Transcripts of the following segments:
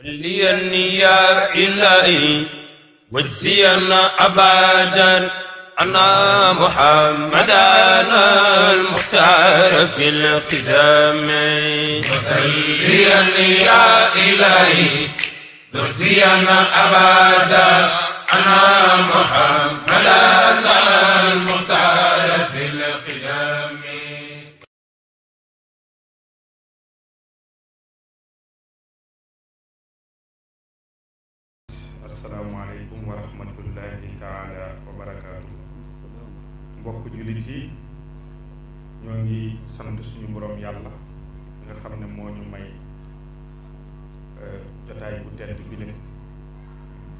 سلي النيا إلهي واجزينا أبدا أنا محمدا المختار في القدام وسليا يا إلهي واجزينا أبدا أنا محمدا boroom yàlla nga xam ne moo ñu may euh, jotaay bu tedd bi ne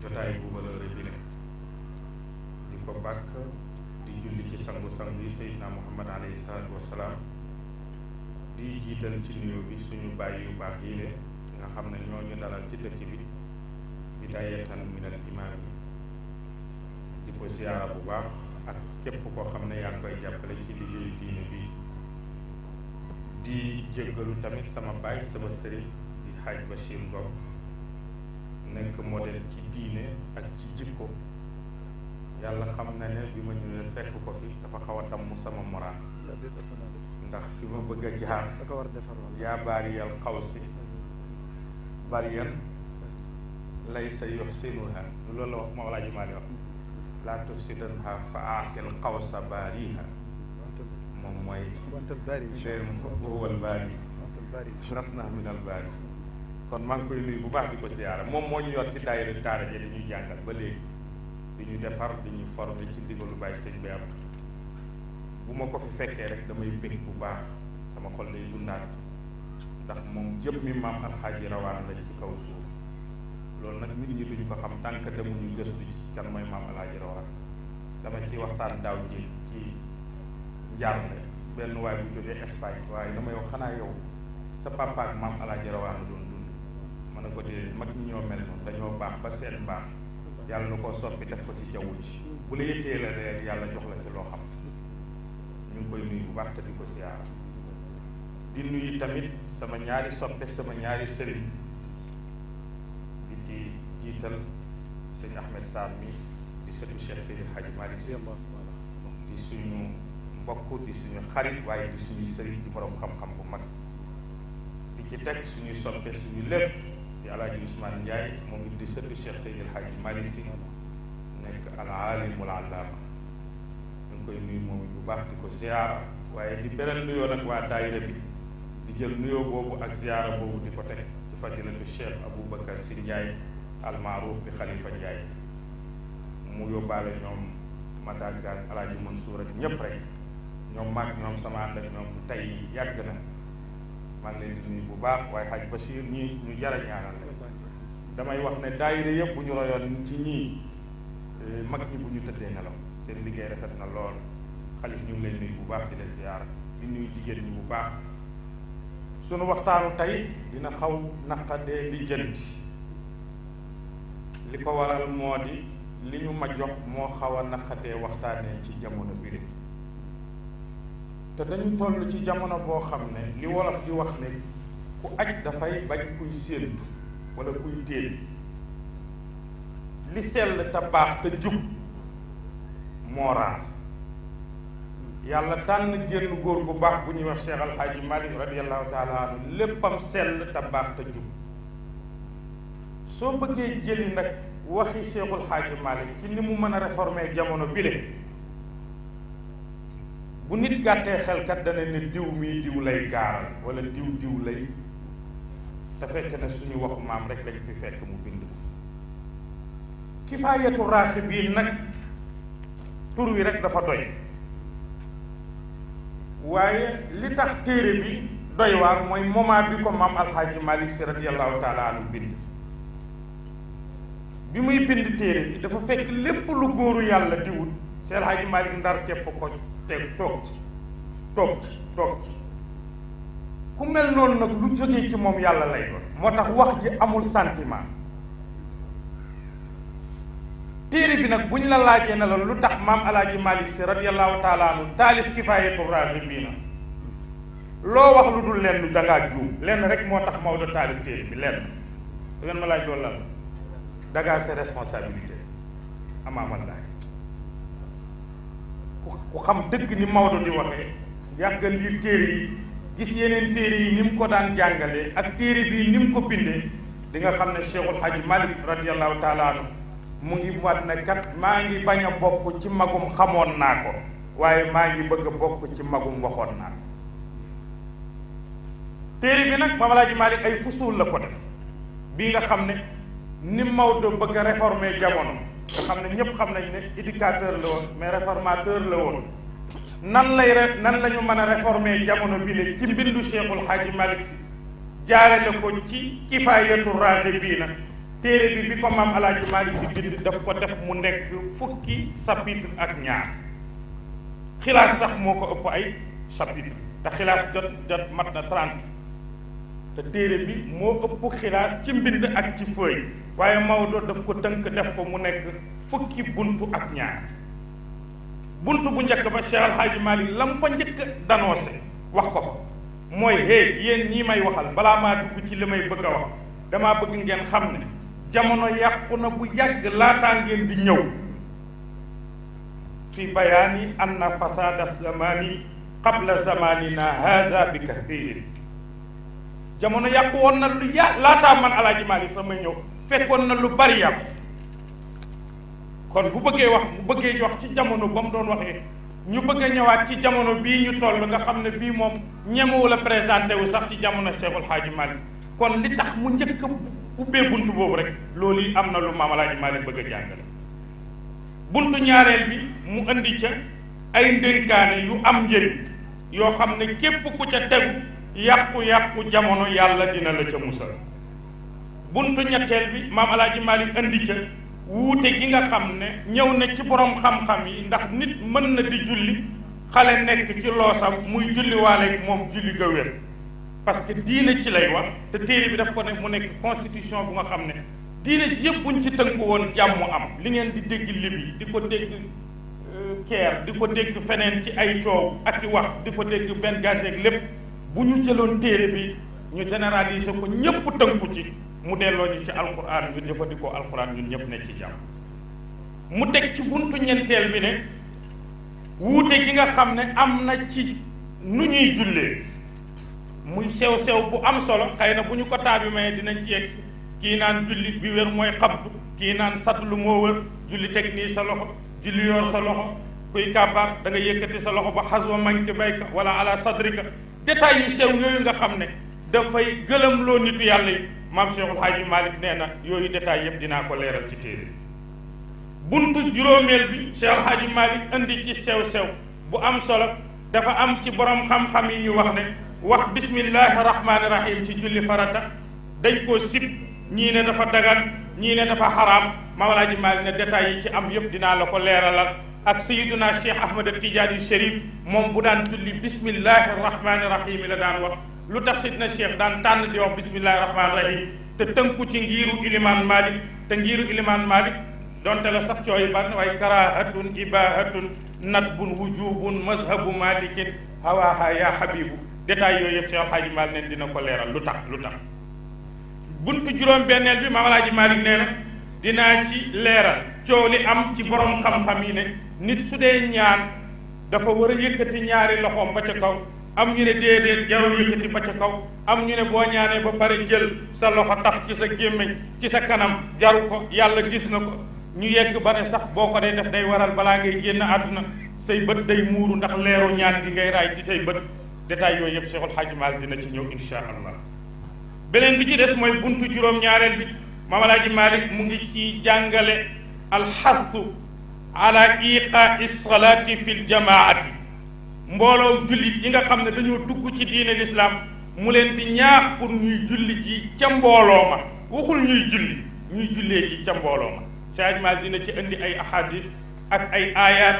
jotaay bu valeur bi ne di ko bàkk di julli ci sangu-sangu yi Seydina Muhammad alayhi salaatu wassalaam di jiital ci nuyoo bi suñu bàyyi yu baax yi ne nga xam ne ñoo ñu dalal ci dëkk bi bidaayatan minal imaam yi di ko siyaara bu baax ak képp koo xam ne yaa ngi koy jàppale ci liggéeyu diine bi di jéggalu tamit sama baay sama sëriñ di xaaj Bachir Ngom nekk modèle ci diine ak ci jikko yàlla xam na ne bi ma ñëwee fekk ko fi dafa xaw a damm sama moral ndax fi ma bëgg a jaar yaa baariyal xaw si bariyan lay sa yuxsinuha loolu la wax Mawlaaji Maalik wax laa tufsidanha fa aatil xaw sa baariha moom mooy. wantal baari yi chère wal baari yi. wantal baari yi nas naa minal baari kon maa ngi koy nuyu bu baax di ko siyaara moom moo ñu yor ci daayira daara ji dañuy jàngal ba léegi di ñu defar di ñu former ci ndigalu bàyyi sëñ bi am bu ma ko fi fekkee rek damay bég bu baax sama xol day dundaat ndax moom jëpp mi maam alxaaji rawaan la ci kaw suuf loolu nag nit ñi duñu ko xam tànk demuñu gëstu ci kan mooy maam alxaaji rawaan dama ci waxtaan daaw ji ci jaarale benn waay bu jógee Espagne waaye dama yow xanaa yow sa papa ak maam alaaji rawaana doon mën na ko dee mag ñoo mel noonu dañoo baax ba seen mbaax yàlla na koo soppi def ko ci jaww ji bu la yëttee la rek yàlla jox la ci loo xam ñu ngi koy nuyu bu di ko siyaara di nuyu tamit sama ñaari soppe sama ñaari sëriñ di ci jiital sëñ Ahmed Saam mi di sëtu Cheikh Seydi Hadji Malick di suñu mbokk di suñu xarit waaye di suñuy sëriñ di borom xam-xam bu mag di ci teg suñuy soppe suñu lépp di alaaji Ousmane Ndiaye moom it di sëtu Cheikh Seydil Hadji Malick Sy nekk al alimul allaama bu baax ko ziyaara waaye di beneen bi di jël nuyoo boobu ak ziyaara boobu di ko teg ci fadilatu Cheikh Aboubacar Sy Ndiaye al maaruuf bi Khalifa Ndiaye mu yóbbaale ñoom Matagan alaaji Mansour ñépp rek ñoom maag ñoom sama ànd ak ñoom tey yàgg na maa ngi leen di nuyu bu baax waaye xaj Bachir ñii ñu jar a damay wax ne daayira yëpp ñu royoon ci ñii eh, mag ñi bu ñu tëddee nelaw seen liggéey rafet na lool xalif ñu ngi leen nuyu bu baax di leen ziyaar di nuyu jigéen ñi bu baax sunu waxtaanu tey dina xaw naqadee li jënti li ko waral moo di li ñu ma jox moo xaw a naqadee waxtaanee ci jamono bi te dañu toll ci jamono boo xam ne li wolof di wax ne ku aj dafay bañ kuy séentu wala kuy téel li sell te baax te yàlla tànn génn góor bu baax bu ñuy wax Cheikh Al Hadji Malick radiyallahu taala anhu léppam sell te baax te jub soo bëggee jëli nag waxi Cheikhul Hadji Malick ci ni mu mën a réformer jamono bile bu nit gàttee xelkat dana ne diw mii diw lay gaaral wala diw diw lay te fekk na suñu waxu maam rek lañ fi fekk mu bind ko kifaayatu raaxibiin nag tur wi rek dafa doy waaye li tax téere bi doy waar mooy moment bi ko maam alxaaji malik si radiallahu taala anu bind bi muy bind téere bi dafa fekk lépp lu góoru yàlla diwut si alxaaji malik ndar képp ko teg toog ci toog ci toog ci ku mel noonu nag lu jógee ci moom yàlla lay doon moo tax wax ji amul sentiment téere bi nag buñ ñu la laajee na la lu tax maam alaaji malik si radiallahu taala anu taalif kifaayatu raaxibiina loo wax lu dul lenn dangaa juum lenn rek moo tax Maodo taalif téere bi lenn da ngeen ma laaj loolu la dangaa sa responsabilité amaamal laaj ku xam dëgg ni Maodo di waxee yàgg lii téere yi gis yeneen téere yi ni mu ko daan jàngalee ak téere bii ni mu ko bindee di xam ne Cheikhul Hadji Malick radiallahu taala mu ngi wat na kat maa ngi bañ a bokk ci magum xamoon naa ko waaye maa ngi bëgg a bokk ci magum waxoon naa ko téere bi nag Maam Alaaji Malick ay fusuul la ko def bii nga xam ne ni Maodo bëgg a réformer jamono nga xam ne ñëpp xam nañ ne éducateur la woon mais réformateur la woon nan lay re nan la ñu mën a réformer jamono bi le ci mbindu Cheikhul Xaaji Malick Si jaarale ko ci kifaayatu raaxe bii nag téere bi bi ko maam Alaaji Malick Si bind daf ko def mu nekk fukki chapitre ak ñaar xilaas sax moo ko ëpp ay chapitre te xilaas jot jot mat na trente te téere bi moo ëpp xilaas ci mbind ak ci feuille waaye Maodo daf ko tënk def ko mu nekk fukki buntu ak ñaar buntu bu njëkk ba Cheikh Al Hadj Malick fa njëkk danoose wax ko fa mooy hey yéen ñii may waxal balaa maa dugg ci li may bëgg a wax damaa bëgg ngeen xam ne jamono yàqu na bu yàgg laataa ngeen di ñëw fi bayaani anna fasada zamani qabla zamanina hada bi kathirin jamono yàqu woon na lu ya laataa man alaaji Maalik sama ñëw fekkoon na lu bari yàqu kon bu bëggee wax bu bëggee wax ci jamono ba doon waxee ñu bëgg a ñëwaat ci jamono bii ñu toll nga xam ne bii moom ñemewu la présenté wu sax ci jamono Cheikhul Hadji Malick kon li tax mu njëkk a ubbee buntu boobu rek loolu yi am na lu Maam Alaaji Malick bëgg a jàngale buntu ñaareel bi mu indi ca ay ndénkaane yu am njëriñ yoo xam ne képp ku ca tegu yàqu-yàqu jamono yàlla dina la ca musal buntu ñetteel bi maam alaaji Maalik indi ca wuute gi nga xam ne ñëw na ci borom xam-xam yi ndax nit mën na di julli xale nekk ci loosam muy julli waaleeg moom julli ga wér parce que diine ci lay wax te téere bi daf ko ne mu nekk constitution bu nga xam ne diine ci yëpp buñ ci tënk woon jàmm am li ngeen di dégg libi di ko dégg euh, keer di ko dégg feneen ci ay coow ak i wax di ko dégg benn gazeeg lépp bu ñu jëloon téere bi ñu généraliser ko ñëpp tënku ci mu delloo ñu ci alquran ñu jëfandikoo alquran ñun ñëpp ne ci jàmm mu teg ci buntu ñenteel bi ne wuute ki nga xam ne am na ci nu ñuy jullee mu sew sew bu am solo xay na bu ñu ko taabi maye dinañ ci yegg kii naan julli bi wér mooy xabdu kii naan satlu moo wër julli teg nii sa loxo julli yoor sa loxo kuy kàbbaar da nga yëkkati sa loxo ba xas wa manki bayka wala ala sadrika détails yu sew yooyu nga xam ne dafay gëlëm loo nit yàlla yi maam Cheikhul Hadji Malick nee na yooyu détails yëpp dinaa ko leeral ci téere buntu juróomeel bi Cheikhul Hadji Malick indi ci sew-sew bu am solo dafa am ci boroom xam-xam yi ñu wax ne wax bismillahi rahmaani rahim ci julli farata dañ koo sib ñii ne dafa dagan ñii ne dafa xaraam maam Alaaji Malick ne détails yi ci am yëpp dinaa la ko leeralal ak sayiduna cheikh ahmad a tijaani sharif moom bu daan julli bismillahi rahmaani rahim la daan wax lu tax sayiduna cheikh daan tànn di wax bismillahi rahmaani rahim te tënku ci ngiiru ilimaan malik te ngiiru ilimaan malik donte la sax cooy ban waaye karahatun ibahatun nadbun wujubun mazhabu malikin hawaha ya habibu détail yooyu yëpp cheikh alhaaji malik neen dina ko leeral lu tax lu tax buntu juróom benneel bi maam alhaaji malik nee dinaa ci leeral coow ni am ci boroom xam-xam yi ne nit su dee ñaan dafa war a yëkkati ñaari loxoom ba ca kaw am ñu ne déedéet jarul yëkkati ba ca kaw am ñu ne boo ñaanee ba pare jël sa loxo tax ci sa gémmiñ ci sa kanam jaru ko yàlla gis na ko ñu yegg ba ne sax boo ko dee def day waral balaa ngay génn àdduna say bët day muuru ndax leeru ñaan gi ngay raay ci say bët détails yooyu yëpp Cheikhul Hadji Malick dina ci ñëw insha allah beneen bi ci des mooy buntu ñaareel maam alaaji malik mu ngi ci jàngale alxasu ala iqaai salaati fi ljamaati mbooloo jullit yi nga xam ne dañoo dugg ci diine lislaam mu leen bi ñaax pour ñuy julli ji ca mbooloo ma waxul ñuy julli ñuy jullee ji ca mbooloo ma saaj mal dina ci indi ay ahadis ak ay ayat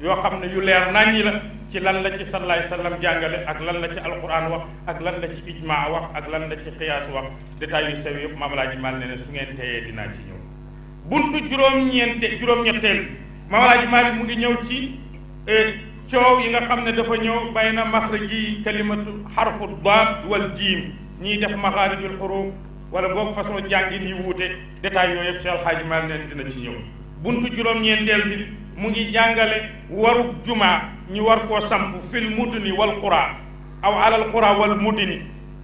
yoo xam ne yu leer naññi la ci lan la ci salaay sallam jàngale ak lan la ci alquran wax ak lan la ci ijmaa wax ak lan la ci xiyaas wax détails yu sew yëpp mamalaa ji maal ne ne su ngeen teyee dinaa ci ñëw buntu juróom-ñeente juróom-ñetteel mamalaa ji maal mu ngi ñëw ci euh, coow yi nga xam ne dafa ñëw bay na maxraji kalimatu xarfu daad wal jiim ñiy def maxaarijul xuruuf wala boobu façon jàngi ni wuute détails yooyu yëpp si alxaaji maal ne dina ci ñëw buntu juróom-ñeenteel bi mu ngi jàngale warug jumaa ñu war koo samp fil mudni wal qura aw alal qura wal mudni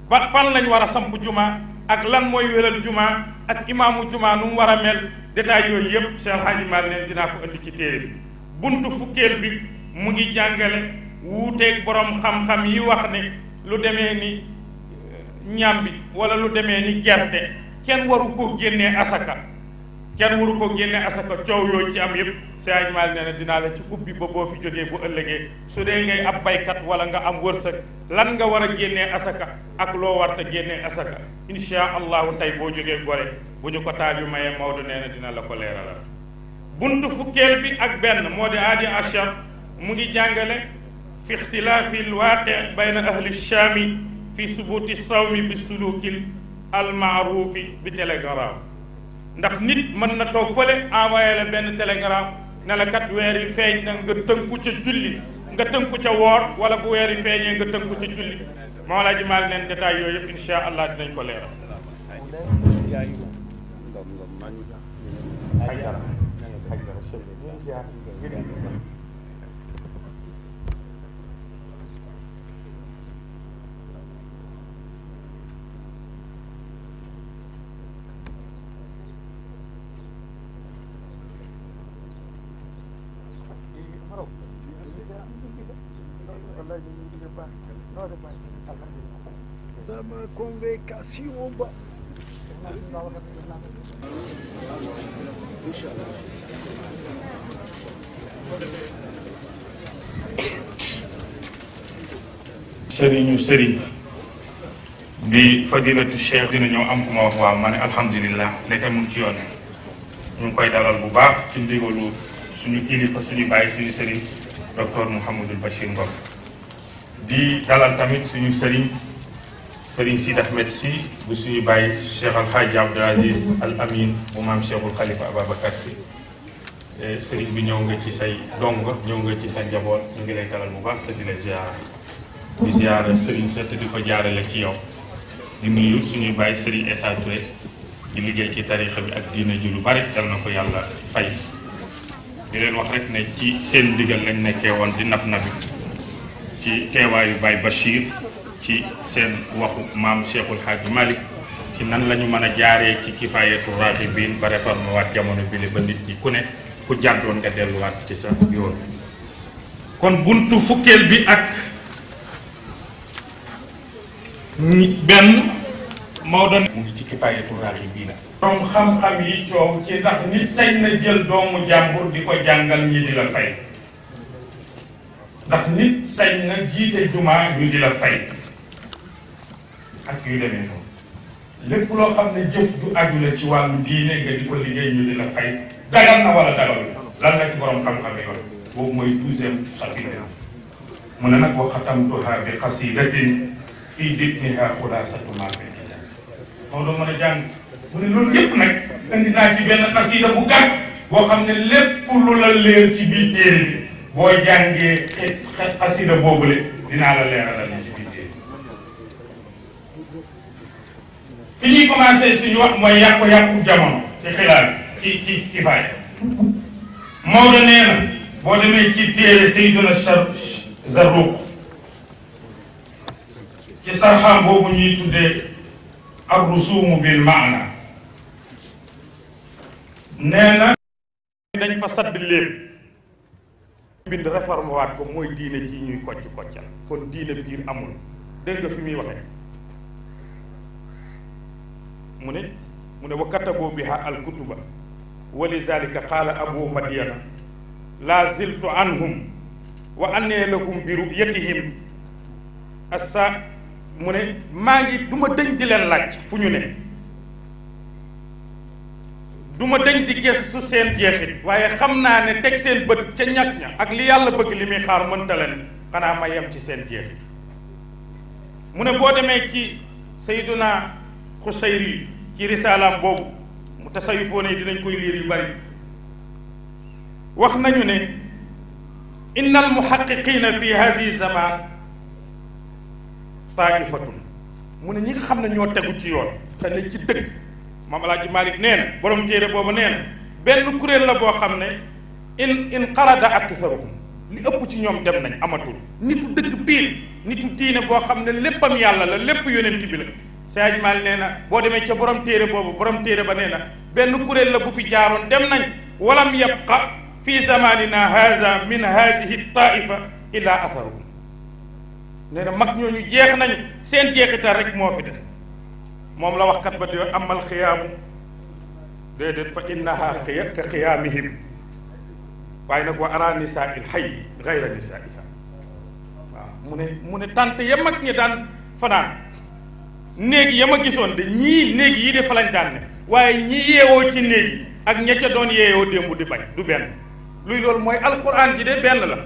ba fan lañ war a samp jumaa ak lan mooy wéral jumaa ak imaamu jumaa nu mu war a mel détails yooyu yëpp Cheikh Hadji Malick neen dinaa ko indi ci téere bi buntu fukkeel bi mu ngi jàngale wuuteeg borom xam-xam yi wax ne lu demee ni eh, ñàmbi wala lu demee ni gerte kenn waru ko génnee asaka kenn waru ko génne asaka coow yooyu ci am yëpp Sëriñ Maalik nee na dinaa la ci ubbi ba boo fi jógee bu ëllëgee su dee ngay ab baykat wala nga am wërsëg lan nga war a génnee asaka ak loo war te génnee asaka insha allahu tey boo jógee gore bu ñu ko taaj yu mayee Maodo nee na dina la ko leeralal buntu fukkeel bi ak benn moo di aadi achar mu ngi jàngale fi ixtilaafi alwaaqi bayna ahli shaami fi subuuti sawmi bi suluukil almaaruufi bi télégramme ndax nit mën na toog fële envoyé la benn télégramme ne la kat weer yi feeñ na nga tënku ca julli nga tënku ca woor wala bu weer yi feeñee nga tënku ca julli moo laa ji maal neen détail yooyu yëpp insha allah dinañ ko leeral ay dara ay dara convocation ba sëriñu sëriñ bi fadilatu cheikh dina am ku wax waaw ma ne alhamdulilah ndeke mu ngi ci yoon ñu ngi koy dalal bu baax ci ndigalu suñu kilifa suñu bàyyi sëriñ docteur Mouhamadul Bachir Ngom dalal tamit suñu sëriñ Serigne Sid Ahmed si bu suñu bàyyi Cheikh Al Hadj Abdoul Al Amin bu maam Cheikhul xalifa Ababacar si eh, Serigne bi ñëw nga ci say dongo ñëw nga ci sa njaboot ñu ngi lay dalal mu baax te di la ziara di ziara Serigne sa te di ko jaarale ci yow di nuyu suñuy bàyyi Serigne Essa Touré di liggéey ci tarixa bi ak diina ji lu bari dal na ko yàlla fay di leen wax rek ne ci seen ndigal lañ nekkee woon di nab nabi ci teewaayu Baye Bachir. ci seen waxu maam Cheikhul Hadji ci nan lañu mën a jaaree ci kifaayatu raxibiin ba réforme jamono bile ba nit ñi ku ne ku jàddoon nga delluwaat ci sa yoon kon buntu fukkeel bi ak benn moo doon ngi ci kifaayatu raxibiin borom xam-xam yi coow ci ndax nit sañ na jël doomu jàmbur di ko jàngal ñi di la fay ndax nit sañ na jiite jumaa ñu di la fay ak yu demee noonu lépp loo ne jëf du aju la ci wàllu diine nga di ko liggéey ñu di la fay dagal na wala dagal lan la ci borom xam-xam yi wax boobu mooy douzième chapitre mu ne nag wa xatamtuha bi xasidatin fii ditniha xulaasatu maa fi kitaab moom doo mën a jàng mu ne loolu yëpp nag indi naa ci benn bu gàtt boo xam ne lépp la leer ci biir téere bi boo jàngee xasida boobule dinaa la leeralal ci fi ñuy commencé suñu wax mooy yàqu-yàqu jamono ci xilaas ci ci kifaaya Maodo nee na boo demee ci téere Seydina Zarruq ci sarxam boobu ñuy tuddee ak rusuumu bil maana nee dañ fa sadd lépp bind réforme waat ko mooy diine ji ñuy kocc koccal kon diine biir amul dégg nga fi muy waxee mu ne mu ne bi katabu biha alkutuba wa lizalika qaala abu madyana laa ziltu anhum wa annee lahum bi ru'yatihim assa mu ne maa ngi du ma dëñ di leen laaj fu ñu ne du dëñ di gëstu seen jeexit waaye xam naa ne teg seen bët ca ñàkk ña ak li yàlla bëgg li muy xaar mënta leen xanaa ma yem ci seen jeexit mu ne boo demee ci sayyiduna xusayri ci risaalaam boobu mu tasawufoon yi dinañ koy liir yu bari wax nañu ne inna al muhaqiqina fi hadi zaman taifatun mu ne ñi nga xam ne ñoo tegu ci yoon te ne ci dëgg maam alaaji Malick nee borom téere boobu nee na benn kuréel la boo xam ne in in qarada aktharuhum li ëpp ci ñoom dem nañ amatul nitu dëgg biir nitu diine boo xam ne léppam yàlla la lépp yonent bi la Sëñ Maal nee na boo demee ca borom téere boobu borom téere ba nee na benn kuréel la bu fi jaaroon dem nañ walam yabqa fi zamanina haza min hazihi taifa illa ñooñu jeex nañu seen jeexital rek moo fi la waxkat ba di amal fa innaha xiya ka xiyaamihim waaye nag wa ara nisaa il gayra nisaa iha waaw mu tànt ya mag ñi daan fanaan néeg ya ma gisoon de ñii néeg yi de fa lañ waaye ñi yeewoo ci néeg yi ak ña ca doon yeewoo démb di bañ du benn luy loolu mooy alquran ji de benn la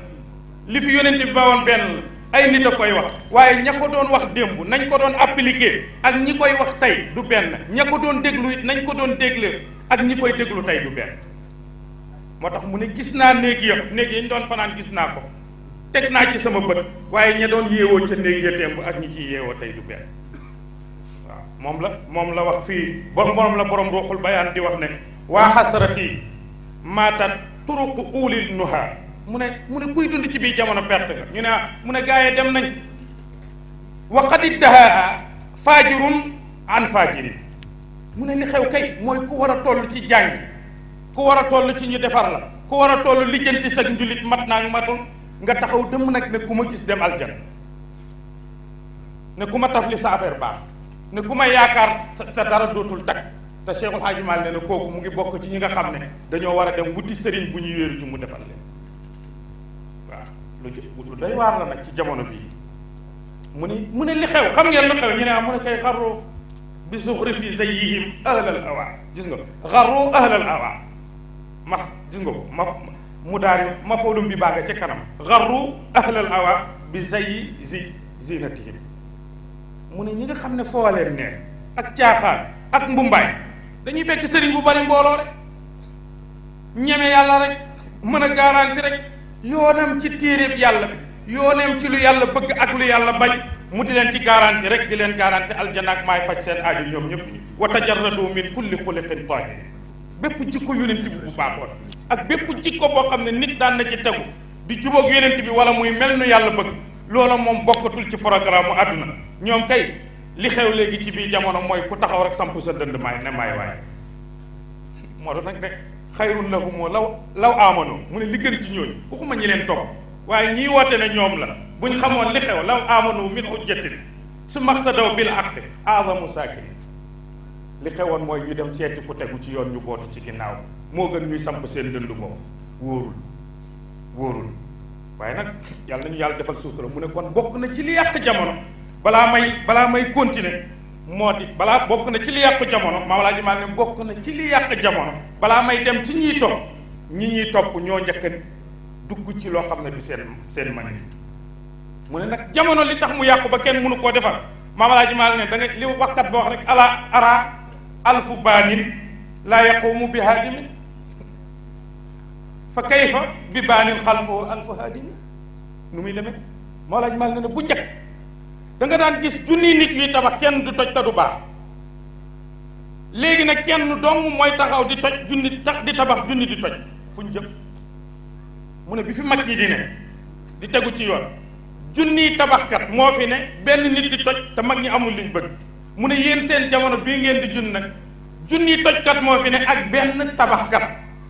li fi yonent bi bawoon benn la ay nit a koy wax waaye ña ko doon wax démb nañ ko doon appliquer ak ñi koy wax tey du benn ña ko doon déglu nañ ko doon dégle ak ñi koy déglu tey du benn moo tax mu ne gis naa néeg yëpp néeg yañ doon fanaan gis naa ko teg naa ci sama bët waaye ña doon yeewoo ca néeg ya ak ñi ciy yeewoo tey du benn moom la moom la wax fii bon borom la borom ruuxul bayaan di wax ne waa xasarati maatat turuq uulil nuha mu ne mu ne kuy dund ci biir jamono perte nga ñu ne mu ne gaa dem nañ waqad iddahaa faajirun an faajirin mu ne li xew kay mooy ku war a toll ci jàng ku war a toll ci ñu defar la ku war a toll lijjanti sag njulit mat naa matul nga taxaw dëmm nag ne ku ma gis dem aljan ne ku ma tafli sa affaire baax ne ku ma yaakaar sa dara dootul takk te Cheikhul Hadji Malick ne kooku mu ngi bokk ci ñi nga xam ne dañoo war a dem wuti sëriñ bu ñu wéeru ji mu defal leen waaw lu day waar la nag ci jamono bii mu ne mu ne li xew xam ngeen lu xew ñu ne ah mu ne kay xarru bi suxrifi zayihim ahlal hawa gis nga xarru ahlal hawa mas gis nga ko ma mu daari ma foolum bi baaga ca kanam xarru ahlal hawa bi zayi zi zinatihim mu ne ñi nga xam ne foo leen ak caaxaan ak mbumbaay dañuy fekk sëriñ bu bari mbooloo rek ñeme yàlla rek mën a garanti rek yoonam ci téeréb yàlla bi yoonam ci lu yàlla bëgg ak lu yàlla bañ mu di leen ci garanti rek di leen garanti aljana ak maay faj seen aaju ñoom ñëpp wa tajarradu min kulli xuliqin tahir bépp jikko yonent bi bu baaxoon ak bépp jikko boo xam ne nit daan na ci tegu di jubóog yonent bi wala muy mel nu yàlla bëgg loola moom bokkatul ci programme àdduna ñoom kay li xew léegi ci biir jamono mooy ku taxaw rek samp sa dënd maay ne maay waay moo tax nag ne xayrun lahumu law law amano mu ne li gën ci ñooñu waxuma ñi leen topp waaye ñii woote na ñoom la bu ñu xamoon li xew law amano min hujjatin su maxtadaw bil aqli azamu saakini li xewoon mooy ñu dem seeti ku tegu ci yoon ñu bootu ci ginnaaw moo gën ñuy samp seen dënd boobu wóorul wóorul waaye nag yàlla nañu yàlla defal suutura mu ne kon bokk na ci li yàq jamono balaa may balaa may continuer moo di balaa bokk na ci li yàq jamono maam laa ji maa bokk na ci li yàq jamono balaa may dem ci ñiy topp ñi ñuy topp ñoo njëkkan dugg ci loo xam ne du seen seen mani mu ne nag jamono li tax mu yàqu ba kenn mënu koo defar maam laa ji maa ne da nga li wax rek ala ara alfu baanin laa yaqumu bi haadimin fa kayfa bi baanin xalfoo alfu haadini nu muy demee moo laaj mal ne ne bu njëkk da nga daan gis junni nit yuy tabax kenn du toj te du baax léegi nag kenn dong mooy taxaw di toj junni tax di tabax junni di toj fu ñu jëm mu ne bi fi mag ñi di ne di tegu ci yoon junniy tabaxkat moo fi ne benn nit di toj te mag ñi amul liñ bëgg mu ne yéen seen jamono bii ngeen di junni nag junniy tojkat moo fi ne ak benn tabaxkat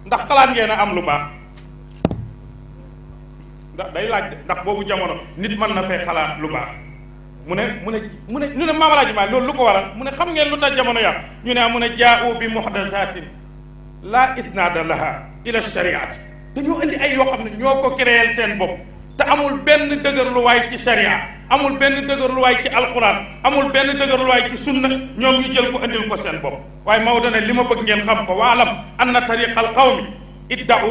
ndax xalaat ngeen a am lu baax ndax day laaj ndax boobu jamono nit mën na fee xalaat lu baax mu ne mu ne mu ne ñu ne maamalaaji maa loolu lu ko waral mu ne xam ngeen lu tax jamono yàq ñu ne mu ne jaa'u bi muhdasatin laa isnaada laha ila shariati dañoo indi ay yoo xam ne ñoo ko créer seen bopp te amul benn waaye ci sharia amul benn dëgërluwaay ci alquran amul benn dëgërluwaay ci sunna ñoom ñu jël ko indil ko seen bopp waaye Maodo ne li ma bëgg ngeen xam ko waalam anna tariqa al qawmi idda'u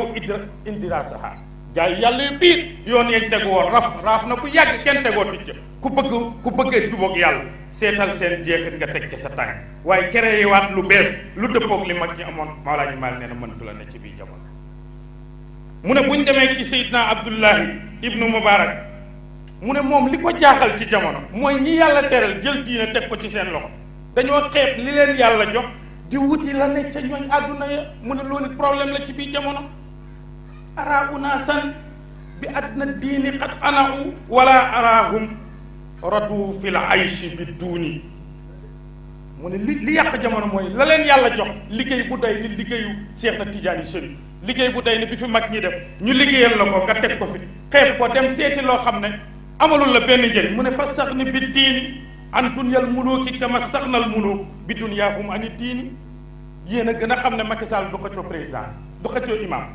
indirasaha jaay yàlla yu biir yoon yañ teg woon raf raaf na ku yàgg kenn tegoo ticc ku bëgg ku bëgg jubóog yàlla seetal seen jeexit nga teg ci sa tànk waaye kere yi waat lu bees lu dëppoog li mag ñi amoon Maolaa ñu maal nee na mëntu la ne ci biir jamono mu ne bu ñu demee ci Seydina Abdullahi ibnu Mubarak mu ne moom li ko jaaxal ci jamono mooy ñi yàlla teral jël diine teg ko ci seen loxo dañoo xeeb li leen yàlla jox di wuti la ne ca ñooñ àdduna ya mu ne problème la ci biir jamono araa unaasan bi adna diini qad anau wala araahum radu fi l ayshi bi duuni mu ne li li yàq jamono mooy la leen yàlla jox liggéey bu day ni liggéeyu seet na Tijaani Chérif liggéey bu day ni bi fi mag ñi def ñu liggéeyal la ko nga teg ko fi xeeb ko dem seeti loo xam ne amalul la benn njëriñ mu ne fa sax ni bi diini an dunyal muluuki kama sax nal muluuk bi dunyaahum ani diini yéen a gën a xam ne Macky Sall du xëccoo président du xëccoo imam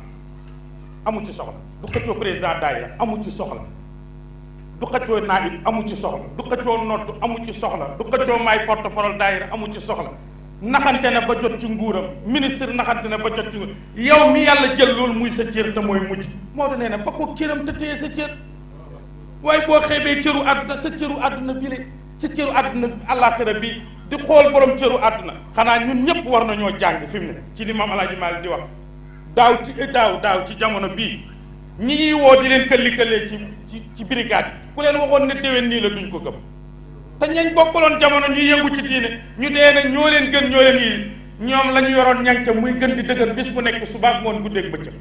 amu ci soxla du xëccoo président daayira amu ci soxla du xëccoo naaj amu ci soxla du xëccoo nodd amu ci soxla du xëccoo maay porte parole daayira amu ci soxla naxante na ba jot ci nguuram ministre naxante na ba jot ci nguuram yow mi yàlla jël loolu muy sa cër te mooy mujj moo da nee na ba ko cëram te téye sa cër waaye boo xeebee cëru àdduna sa cëru àdduna bi le sa cëru àdduna àllaaxira bi di xool boroom cëru àdduna xanaa ñun ñëpp war nañoo jàng fi mu ne ci li maam Alaaji daaw ci eh, daaw daaw ci jamono bii ñi ñuy woo di leen këlli-këllee ci ci ci brigade ku leen waxoon ne déwén nii la duñ ko gëm te ñañ bokkaloon jamono ñuy yëngu ci diine ñu dee ne ñoo leen gën ñoo leen yi ñoom la ñu yoroon ñanca muy gën di dëgër bis bu nekk suba ak ngoon guddeeg bëccëg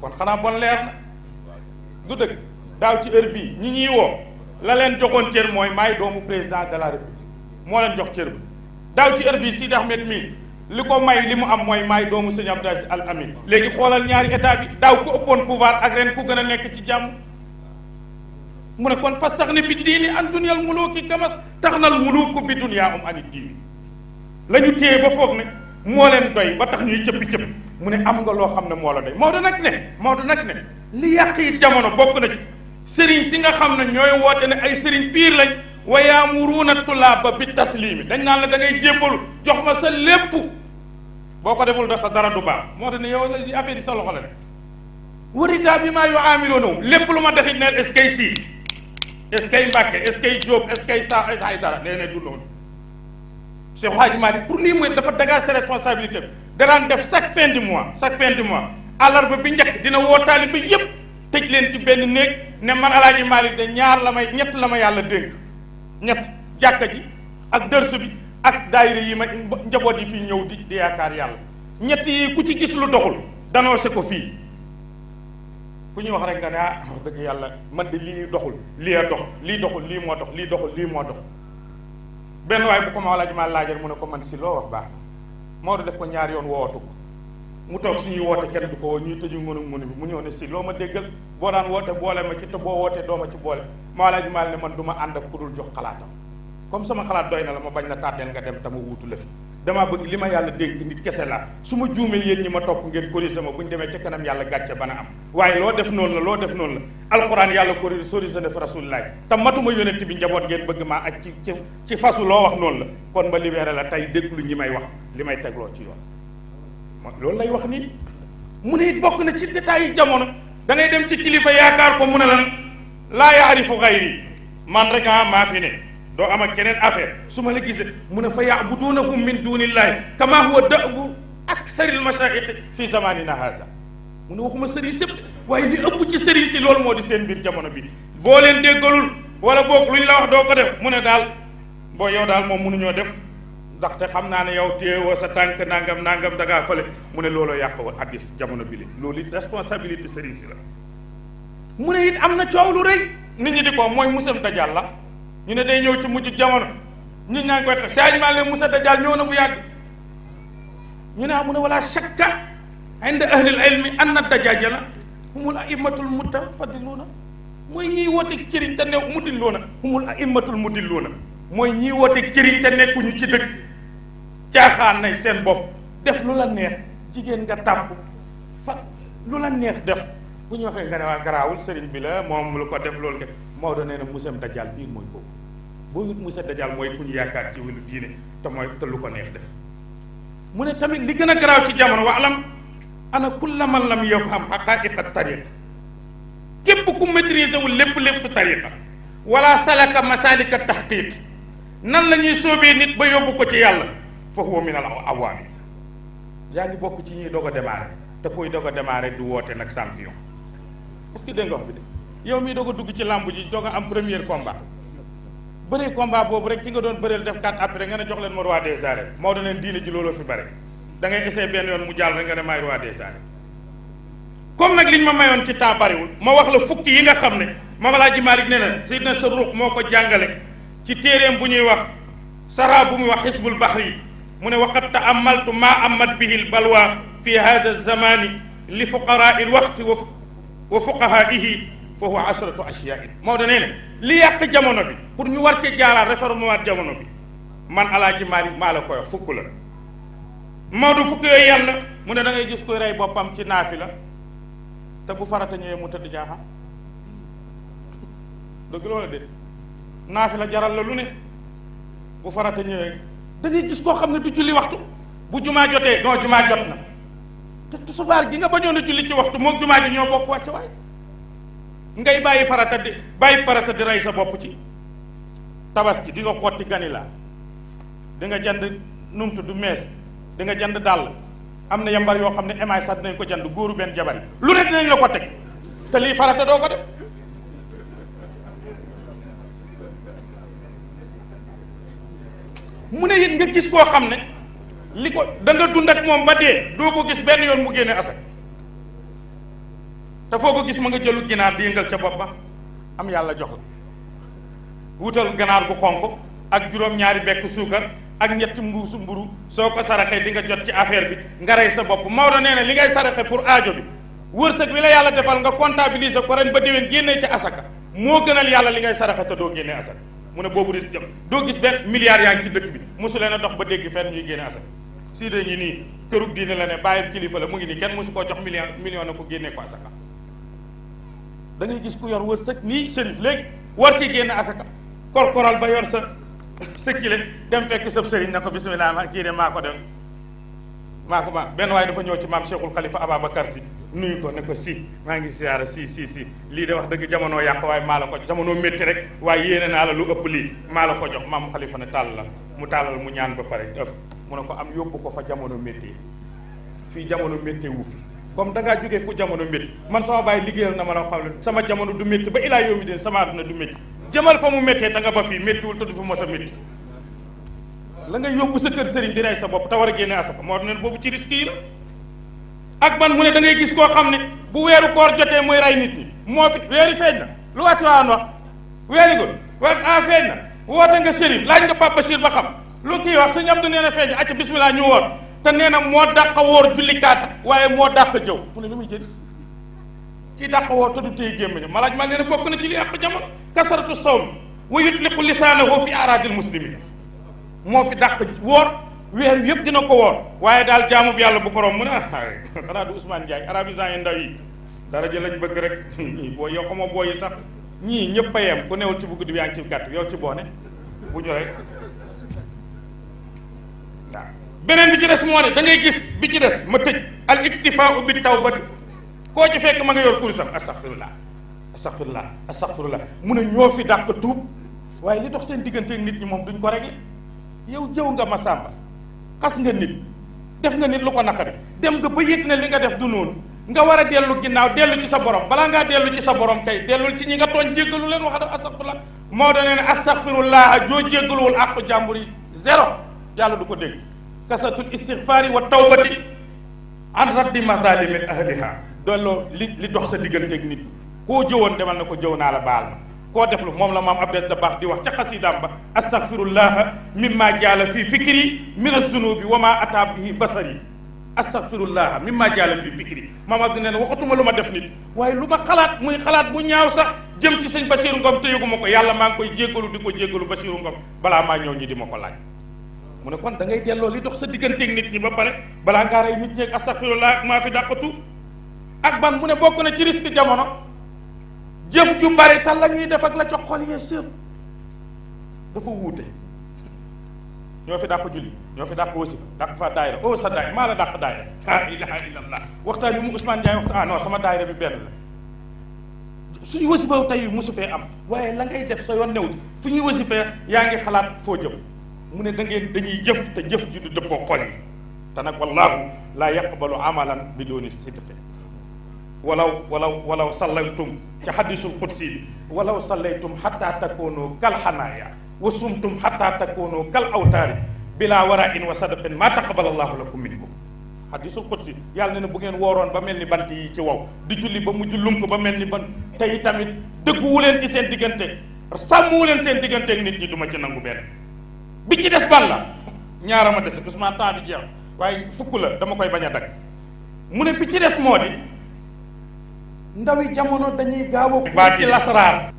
kon xanaa bon leer na du dëgg daaw ci heure bii ñi ñuy woo la leen joxoon cër mooy maay doomu président de la moo leen jox cër bi daaw ci heure bii Sidi Ahmed mii li ko may li mu am mooy maay doomu sëñ Abdou Aziz Al Amin léegi xoolal ñaari état bi daaw ku ëppoon pouvoir ak ren ku gën a nekk ci jàmm mu ne kon fas sax ne bi diini an duniyal muluuki kamas tax nal muluuku bi duniyaa um ani diini la ñu téye ba foog ne moo leen doy ba tax ñuy cëppi cëpp mu ne am nga loo xam ne moo la doy Maodo nag ne Maodo nag ne li yàq yi jamono bokk na ci sëriñ si nga xam ne ñooy woote ne ay sëriñ piir lañ wayaamuruuna tulaaba bi taslimi dañ naan la da ngay jébbalu jox ma sa lépp boo ko deful da sa dara du baax moo tax ne yow affaire yi sa loxo la ne waritaa bi maa yu lépp lu ma def neen est-ce que sii est-ce que Mbàkke est-ce que Jóob est-ce que dara nee ne du loolu Cheikh Hadji Malick pour lii mooy dafa dagaa sa responsabilité bi danaan def chaque fin du mois chaque fin du mois àllarba bi njëkk dina woo taalibe yépp tëj leen ci benn néeg ne man Alaaji Malick de ñaar la may ñett la ma yàlla dénk ñett jàkka ji ak dërs bi ak daayira yi ma njaboot yi fi ñëw di di yaakaar yàlla ñett yi ku ci gis lu doxul danoo se ko fii ku ñuy wax rek nga ne ah dëgg yàlla man di lii doxul lii a dox lii doxul lii moo dox lii doxul lii moo dox benn waaye bu ko ma laaj ma laajoon mu ne ko man si loo wax baax moo def ko ñaar yoon wootu ko mu toog suñuy woote kenn du ko woo ñuy tëju mu ngunu bi mu ñëw ne si loo ma déggal boo daan woote boole ma ci te boo wootee doo ma ci boole ma laaj ma ne man du ma ànd ak jox xalaatam comme sama xalaat doy na la ma bañ la tàddeel nga dem tama wuutu la fi damaa bëgg li ma yàlla dégg nit kese la su ma juumee yéen ñi ma topp ngeen corrigé ma bu ñu demee ca kanam yàlla gàcce bana am waaye loo def noonu la loo def noonu la alxuraan yàlla ko corrigé na fi rasulilah te matuma yonent bi njaboot ngeen bëgg maa ak ci ci ci fasu loo wax noonu la kon ma libéré la tey déglu ñi may wax li may tegloo ci yoon loolu lay wax nii mu ne it bokk na ci détails yi jamono da dem ci kilifa yaakaar ko mu ne lan laa yaarifu xayri man rek ah maa fi doo am ak keneen affaire su ma la gisee mu ne fa yaabuduunahum min dunillahi kama huwa da'bu akthari almashayiqi fi zamanina hada mu ne waxuma sëriñ si waaye li ëpp ci sëriñ si loolu moo di seen mbir jamono bi boo leen déggalul wala boog lu ñu la wax doo ko def mu ne daal boo yow daal moom mënuñoo def ndaxte xam naa ne yow téewoo sa tànk nangam nangam da fële mu ne looloo yàq wa addis jamono bi li loolu it responsabilité sëriñ si la mu ne it am na coow lu rëy nit ñi di ko mooy musam dajàl la ñu ne day ñëw ci mujj jamono nit ñaa ngi koy xeex Sëñ Maalik Moussa Dajjal ñëw na bu yàgg ñu ne ah, mu ne wala shakka inda ahlil ilmi anna dajjal humul aimmatul mutafaddiluuna mooy ñiy wooteeg cëriñ te new mudilluuna humul aimmatul mudilluuna mooy ñiy wooteeg cëriñ te nekkuñu ci dëkk caaxaan nañ seen bopp def lu la neex jigéen nga tàmp fa lu la neex def bu ñu waxee nga ne waa garaawul sëriñ bi la moom lu ko def loolu moo Maodo nee na musam dajjal biir mooy kooku boo wut Moussa Dajjal mooy ku ñu yaakaar ci wàllu diine te mooy te lu ko neex def mu ne tamit li gën a garaaw ci jamono wa alam ana kulla man lam yafham xaqaiqa tariqa képp ku maîtriser wu lépp lépp tariqa wala salaka masalika tahqiq nan la ñuy soobee nit ba yóbbu ko ci yàlla fa huwa min yaa ngi bokk ci ñuy doog a démarré te koy doog a démarré du woote nag champion parce que dégg nga wax bi de yow mii doog a dugg ci làmb ji doog am premier combat bëree combat boobu rek ci nga doon bëreel def quatre appuis rek nga ne jox leen ma roi des arènes moo da leen diine ji looloo fi bare da ngay benn yoon mu jàll rek nga ne maay roi des arènes comme nag ñu ma mayoon ci temps bariwul ma wax la fukki yi nga xam ne ma Alaaji Malick ne na Seydina sa ruux moo ko jàngale ci téeréem bu ñuy wax sara bu muy wax xisbul bahri mu ne am taamaltu maa amat bihil balwa fi hada zamani li fuqaraa il waxti wa fuqahaihi fa huwa asharatu ashyain moo nee na li yàq jamono bi pour ñu war ci jaaraat réforme jamono bi man Alaaji Maalik maa la ko wax fukk la Maodo fukk yooyu yem na mu ne dangay ngay gis koy rey boppam ci naafi la te bu farata ñëwee mu tëdd jaaxam dëgg loola de la jaral la lu ne farata ñëwee da ngay gis koo xam ne du julli waxtu bu jumaa jotee non jumaa jot na te tusubaar gi nga bañoon a julli ci waxtu moom jumaa ji ñoo bokk wàcc waay ngay bàyyi farata di bàyyi farata di rey sa bopp ci tabaski di nga xotti ganila di nga jënd du mees di nga dàll am na yambar yoo xam ne émaay sax dinañ ko jënd góoru benn jabar yi lu ne dinañ la ko teg te lii farata doo ko def mu ne it nga gis koo xam ne li ko da dund ak moom ba dee doo ko gis benn yoon mu génne asak te foo ko gis ma nga jëlu ginaar di yëngal ca bopp ba am yàlla jox la wutal ganaar gu xonq ak juróom-ñaari bekk suukar ak ñetti mbuusu mburu soo ko saraxee di nga jot ci affaire bi nga rey sa bopp Maodo nee na li ngay saraxe pour aajo bi wërsëg bi la yàlla defal nga comptabiliser ko ren ba déwén génnee ci asaka moo gënal yàlla li ngay saraxe te doo génnee asaka mu ne boobu risque jëm doo gis benn milliards yaa ngi ci dëkk bi mosu leen a dox ba dégg fenn ñuy génne asaka sii dañu nii kërug diine la koo jox million million na ko génnee ko asaka da gis ku yor wërsëg nii shérif léegi war ci génn asaka korkoral ba yor sa sëkkile dem fekk sab sëriñ na ko bisimilah ma kii de maa ko dem maa ko ma benn waaye dafa ñëw ci maam Cheikhul Khalifa Ababacar si nuyu ko ne ko si maa ngi siyaara si si si lii de wax dëgg jamono yàq waaye maa la ko jamono métti rek waaye yéene naa la lu ëpp lii maa la ko jox maam Khalifa ne tàll la mu tàllal mu ñaan ba pare def mu ne ko am yóbbu ko fa jamono métti fii jamono métti fi comme dangaa ngaa jógee fu jamono métti man sama bàyyi liggéeyal na ma a xam sama jamono du métti ba ilaa yoomi den sama àdduna du métti jëmal fa mu méttee ta nga ba fii méttiwul te fi mos a métti la nga yóbbu sa kër sëriñ sa bopp te war a génne asafa moo ne boobu ci risque yi la ak man mu ne da ngay gis koo xam ne bu weeru koor jotee muy rey nit ñi moo fi weeri feeñ na lu waati waan wax weeri gul wax a ah, feeñ na woote nga Chérif laaj nga Pape Bachir ba xam lu kii wax sëñ Abdou nee na feeñ acca bismillah ñu woor te nee na moo dàq woor julli kaata waaye moo dàq jëw mu ne lu muy jëriñ kii dàq woor te du téye gémmiñam malaaj ma nee na bokk na ci li yàq jamono kasaratu sawm wa yutliqu lisaanahu fi araadil muslimin moo fi dàq woor weer yëpp dina ko woon waaye daal jaamu bi yàlla bu ko romb mu ne ah, xanaa du Ousmane Ndiaye arabisant yi ndaw yi dara jël lañ bëgg rek boo yokk moo boo yi sax ñii ñëpp a yem ku newul ci bu guddi bi yaa ngi ci gàtt yow ci boone bu ñu rek beneen bi ci des moo ne da ngay gis bi ci des ma tëj al iktifaau bi tawbati koo ci fekk ma nga yor kursam astaxfirullah astaxfirullah astaxfirullah mu ne ñoo fi dàq tuub waaye li dox seen diggante nit ñi moom duñ ko réglé yow jëw nga ma sàmba xas nga nit def nga nit lu ko naqari dem nga ba yëg ne li nga def du noonu nga war a dellu ginnaaw dellu ci sa borom balaa ngaa dellu ci sa borom kay dellul ci ñi nga tooñ jéggalu leen wax def astaxfirullah moo da ne astaxfirullah joo jéggaluwul àqu jàmbur yi zéro yàlla du ko dégg kasatul istigfaari wa tawbati an raddi mazalimi ahliha dolloo li li dox sa digganteeg nit koo jëwoon demal na ko jëw naa la baal ma koo def lu moom la maam Abdel Dabaax di wax ca xasidaam ba astaghfirullaha mimma jaala fi fikri min azunubi wa ma ataa bihi basari astaghfirullah mimma jaala fi fikri maam Abdou nee na waxatuma lu ma def nit waaye lu ma xalaat muy xalaat bu ñaaw sax jëm ci sëñ Basiiru Ngom te yëguma ko yàlla maa ngi koy jéggalu di ko jéggalu Basiiru Ngom balaa maa ñëw ñi di ma ko laaj mu ne kon da ngay delloo li dox sa digganteeg nit ñi ba pare balaa ngaa rey nit ñi ak laa maa fi dàqatu ak ban mu ne bokk na ci risque jamono jëf ju bari tal la ñuy def ak la ca xol yee dafa wuute ñoo fi dàq julli ñoo fi dàq wasi dàq fa daayira oh sa daay maa la dàq daayira laa ilaha illallah waxtaan bi mu Ousmane Ndiaye waxtaan ah non sama daayira bi benn la suñu wasifee tey mosu fee am waaye la ngay def sa yoon new fu ñuy wasifee yaa ngi xalaat foo jëm mu ne da dañuy jëf te jëf ji du dëppoo xol te nag wallaahu laa yaqbalu amalan bi dooni sidqi walaw walaw walaw sallaytum ci hadisul qudsi bi walaw sallaytum xataa takoonoo kal xanaaya wa sumtum xataa takoonoo kal awtaari bilaa wara in wa sadaqin maa taqabala llaahu lakum minkum hadisul qudsi yàlla ne na bu ngeen wooroon ba mel ni bant yi ci wow di julli ba mu jullum ko ba mel ni ban tey tamit dëgguwu leen ci seen diggante sàmmuwu leen seen digganteeg nit ñi duma ci nangu benn bi ci des ban la ñaara ma dese doucement temps bi jeex waaye fukk la dama koy bañ a dagg mu ne bi ci des moo di ndawi jamono dañuy gaaw a baati lasaraar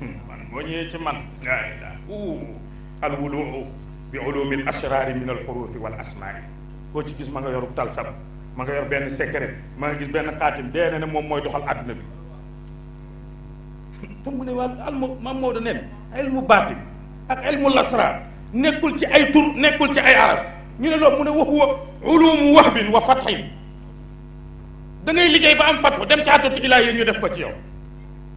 hmm, man boo ñëwee ci man laa daa u alwuluu bi ulumi al asraari koo ci ma nga yorub tal sab ma nga yor benn secret ma nga gis benn xaatim dee ne ne moom mooy doxal àdduna bi te mu ne moo da neen ilmu baatin lasraar nekkul ci ay tur nekkul ci ay araf ñu ne loo mu ne waxuwa ulumu wahbin wa fathin da ngay liggéey ba am fathu dem ci àttatu ilaahi ñu def ko ci yow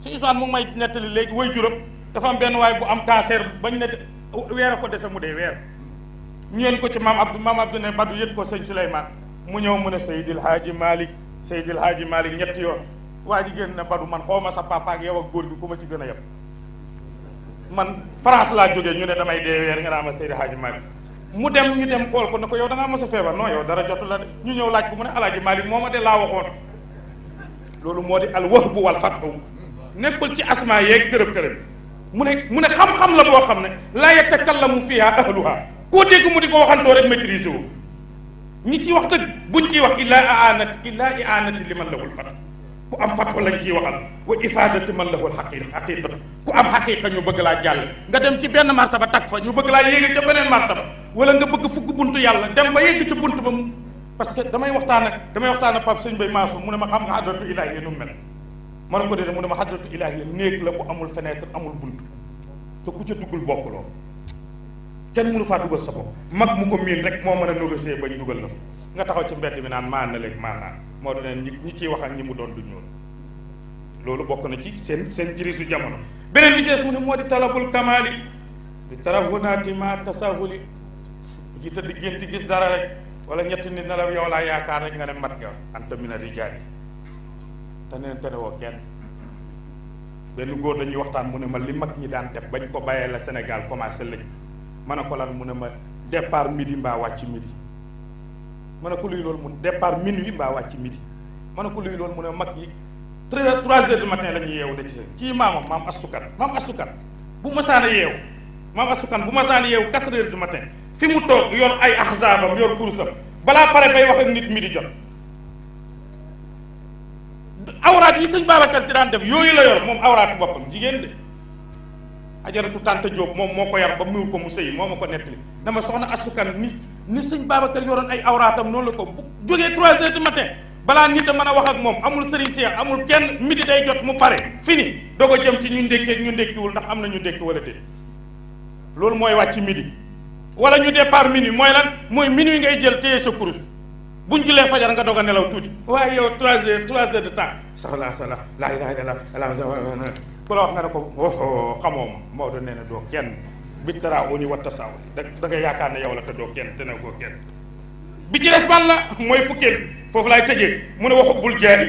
su isaan mu ngi may nettali léegi way juróom dafa benn waay bu am cancer bañ ne weer a ko dese mu dee weer ñeen ko ci maam Abdou maam Abdou ne Badou yët ko sëñ Souleymane mu ñëw mu ne Seydil Hadji Malick Seydil Hadji Malick ñetti yoon waa ji génn na man xaw ma sa papa ak yow ak góor ma ci gën a yem man France laa jógee ñu ne damay dee weer nga naa ma Seydi Hadji Malick mu dem ñu dem xool ko ne ko yow da ngaa mos a feebar non yow dara jot la de ñu ñëw laaj ko mu ne Alaaji Malick moo ma de laa waxoon loolu moo di al wahbu wal fathu nekkul ci asmaa yeeg dërëb kërëb mu ne mu ne xam-xam la boo xam ne laa yatakallamu fiha ahluha koo dégg mu di ko waxantoo rek maîtriser wu ñi ci wax dëgg buñ ciy wax illaa aanati illaa iaanati liman lahul fathu ku am fatwa lañ ciy waxal wa ifaadati man lahu alxaqi xaqiqatu ku am xaqiqa ñu bëgg laa jàll nga dem ci benn martaba tag fa ñu bëgg laa yéeg ca beneen martaba wala nga bëgg fukk buntu yàlla dem ba yéeg ci buntu ba parce que damay waxtaan ak damay waxtaan ak Pape Sëñ Bay Maasu mu ne ma xam nga xadratu ilaahi nu mel ma ne ko déedéet mu ne ma xadratu ilaahi néeg la bu amul fenêtre amul bunt te ku ca duggul bokkuloo kenn mënu faa dugal sa bopp ma mu ko miin moo mën a négocier bañ dugal la fa nga taxaw ci mbedd bi naan maan na léegi maan moo doon ne ñi ñi ciy wax ak ñi mu doon du ñuul loolu bokk na ci seen seen jirisu jamono beneen bi ci des mu ne moo di talabul kamaali di tarahunaati ma tasahuli ji tëdd gént gis dara rek wala ñetti nit nelaw yow laa yaakaar rek nga ne mat nga anta mina rijaal yi te neen te kenn benn góor dañuy waxtaan mu ne ma li mag ñi daan def bañ ko bàyyee la Sénégal commencé lëj mën a ko lan mu ne ma départ midi mbaa wàcc midi ma ne ko luy loolu mun départ minuit mbaa wàcc midi ma ne ko luy loolu mu ne mag yi trois heures du matin la ñuy yeewu de ci sa kii maamam maam astukan maam astukan bu masaana yeewu maam astukan bu masaana yeewu quatre heures du matin fi mu toog yor ay axzaabam yor kurusam balaa pare bay wax ak nit midi jot awraat yi sëñ Babacar si daan def yooyu la yor moom awraatu boppam jigéen de ajaratu tànta Jóob moom moo ko yar ba muur ko mu soxna astukan ni sëñ Babacar yoroon ay awraatam noonu la ko bu jógee trois heures du matin balaa nit a a wax ak moom amul sëriñ Cheikh amul kenn midi day jot mu pare fini doog a jëm ci ñu ndékkee ak ñu ndax am na ñu ndékki wala déet loolu mooy wàcc midi wala ñu par minuit mooy lan mooy minuit ngay jël téye sa kurus buñ julee fajar nga doog a nelaw tuuti waaye yow trois heures trois heures de temps la la laa ilaha illallah ku la wax nga ne ko oh, xamoo ma Maodo nee na doo kenn biñ taraawu ñu watta saaw da da nga yaakaar ne yow la te doo kenn te ne koo kenn bi ci des ban la mooy fukkeel foofu laay tëjee mu ne wa xubbul jaahi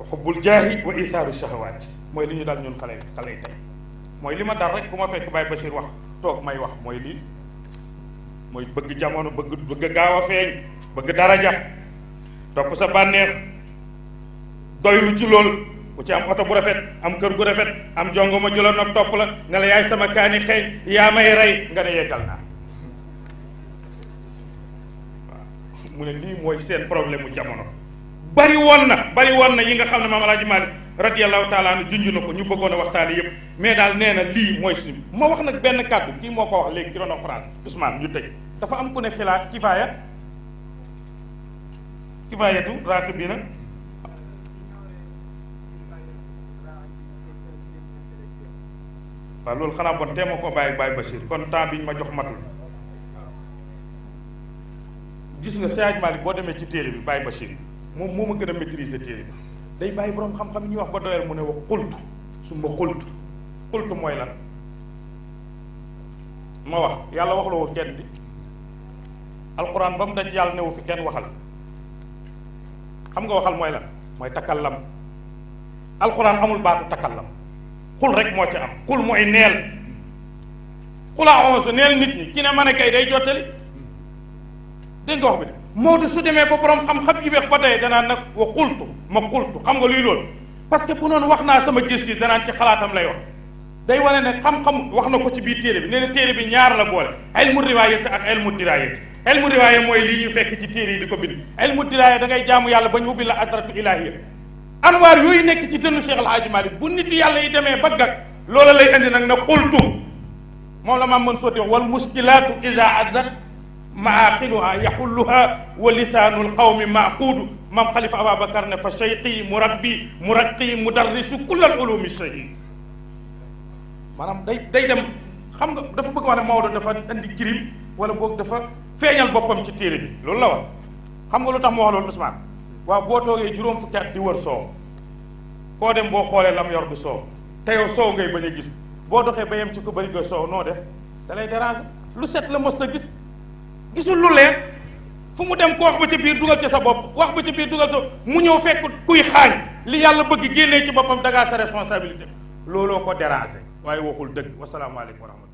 wa xubbul jaahi wa ithaaru shahawaat mooy li ñu daal ñun xale xale yi tey mooy li ma dal rek ku ma fekk Baye Bachir wax toog may wax mooy lii mooy bëgg jamono bëgg bëgg gaaw a feeñ bëgg daraja topp sa bànneex doylu ci loolu ku ci am oto bu rafet am kër gu rafet am jongoma ju la nopp topp la ne yaay sama kaani xeeñ yaa may rey nga ne yeggal naa waaw mu ne lii mooy seen problème mu jamono bari woon na bari woon na yi nga xam ne maam Alaaji Maalik radiyallahu taala anu junj na ko ñu bëggoon a waxtaane yëpp mais daal nee na lii mooy suñu ma wax nag benn kàddu kii moo ko wax léegi ki doon wax France Ousmane ñu tëj dafa am ku ne xilaat kifaaya kifaayatu raatu bi na waaw loolu xanaa bon teema ko bàyyi bàyyi Bachir kon temps bi ñu ma jox matul gis nga Seydi Malick boo demee ci téere bi bàyyi Bachir moom moo ma gën a maîtriser téere bi day bàyyi borom xam-xam yi ñuy wax ba doyal mu ne wax xultu su ma xultu xultu mooy lan ma wax yàlla waxuloo kenn di alxuraan ba mu daj yàlla newu fi kenn waxal xam nga waxal mooy lan mooy takkallam alxuraan amul baatu takkallam xul rek moo ci am xul mooy neel xulaa onze neel nit ñi ki ne mën a kay day jottali dégg nga wax bi Maodo su demee ba borom xam-xam yi beex ba tey danaan nag wa xultu ma xultu xam nga luy loolu parce que noonu wax naa sama gis-gis danaan ci xalaatam la wax day wane ne xam-xam wax na ko ci biir téere bi nee na téere bi ñaar la boole ilmu riwaayat ak ilmu diraayat ilmu riwaaya mooy lii ñu fekk ci téere yi di ko bind ilmu diraaya da ngay jaamu yàlla ba ñu ubbi la adratu ilahiya anwaar yooyu nekk ci dënnu Cheikh El Hadj Malick bu nit yàlla yi demee ba gag loola lay andi nag na qultu moom la maam mën foti wal muskilaatu iza azat maaqiluha yaxulluha wa lisaanu lqawmi maaquudu maam xalifa ababacar ne fa cheyqi murabbi muraqi mudarrisu kullal ulumi chahid maanaam day day dem xam nga dafa bëgg wax ne Maodo dafa andi jirim wala boog dafa feeñal boppam ci téere bi loolu la wax xam nga lu tax mu wax loolu Ousmane waaw boo toogee juróom fukki at di wër soow koo dem boo xoolee lam yor du soow te yow soow ngay bañ a gis boo doxee ba yem ci ko bëri nga soow noo def da lay lu set la mos a gis gisul lu leer fu mu dem ko wax ba ci biir dugal ci sa bopp wax ba ci biir dugal sa mu ñëw fekk kuy xaañ li yàlla bëgg génnee ci boppam dagaa sa responsabilité looloo ko déranger waaye waxul dëgg wasalaamaaleykum wa rahmatulah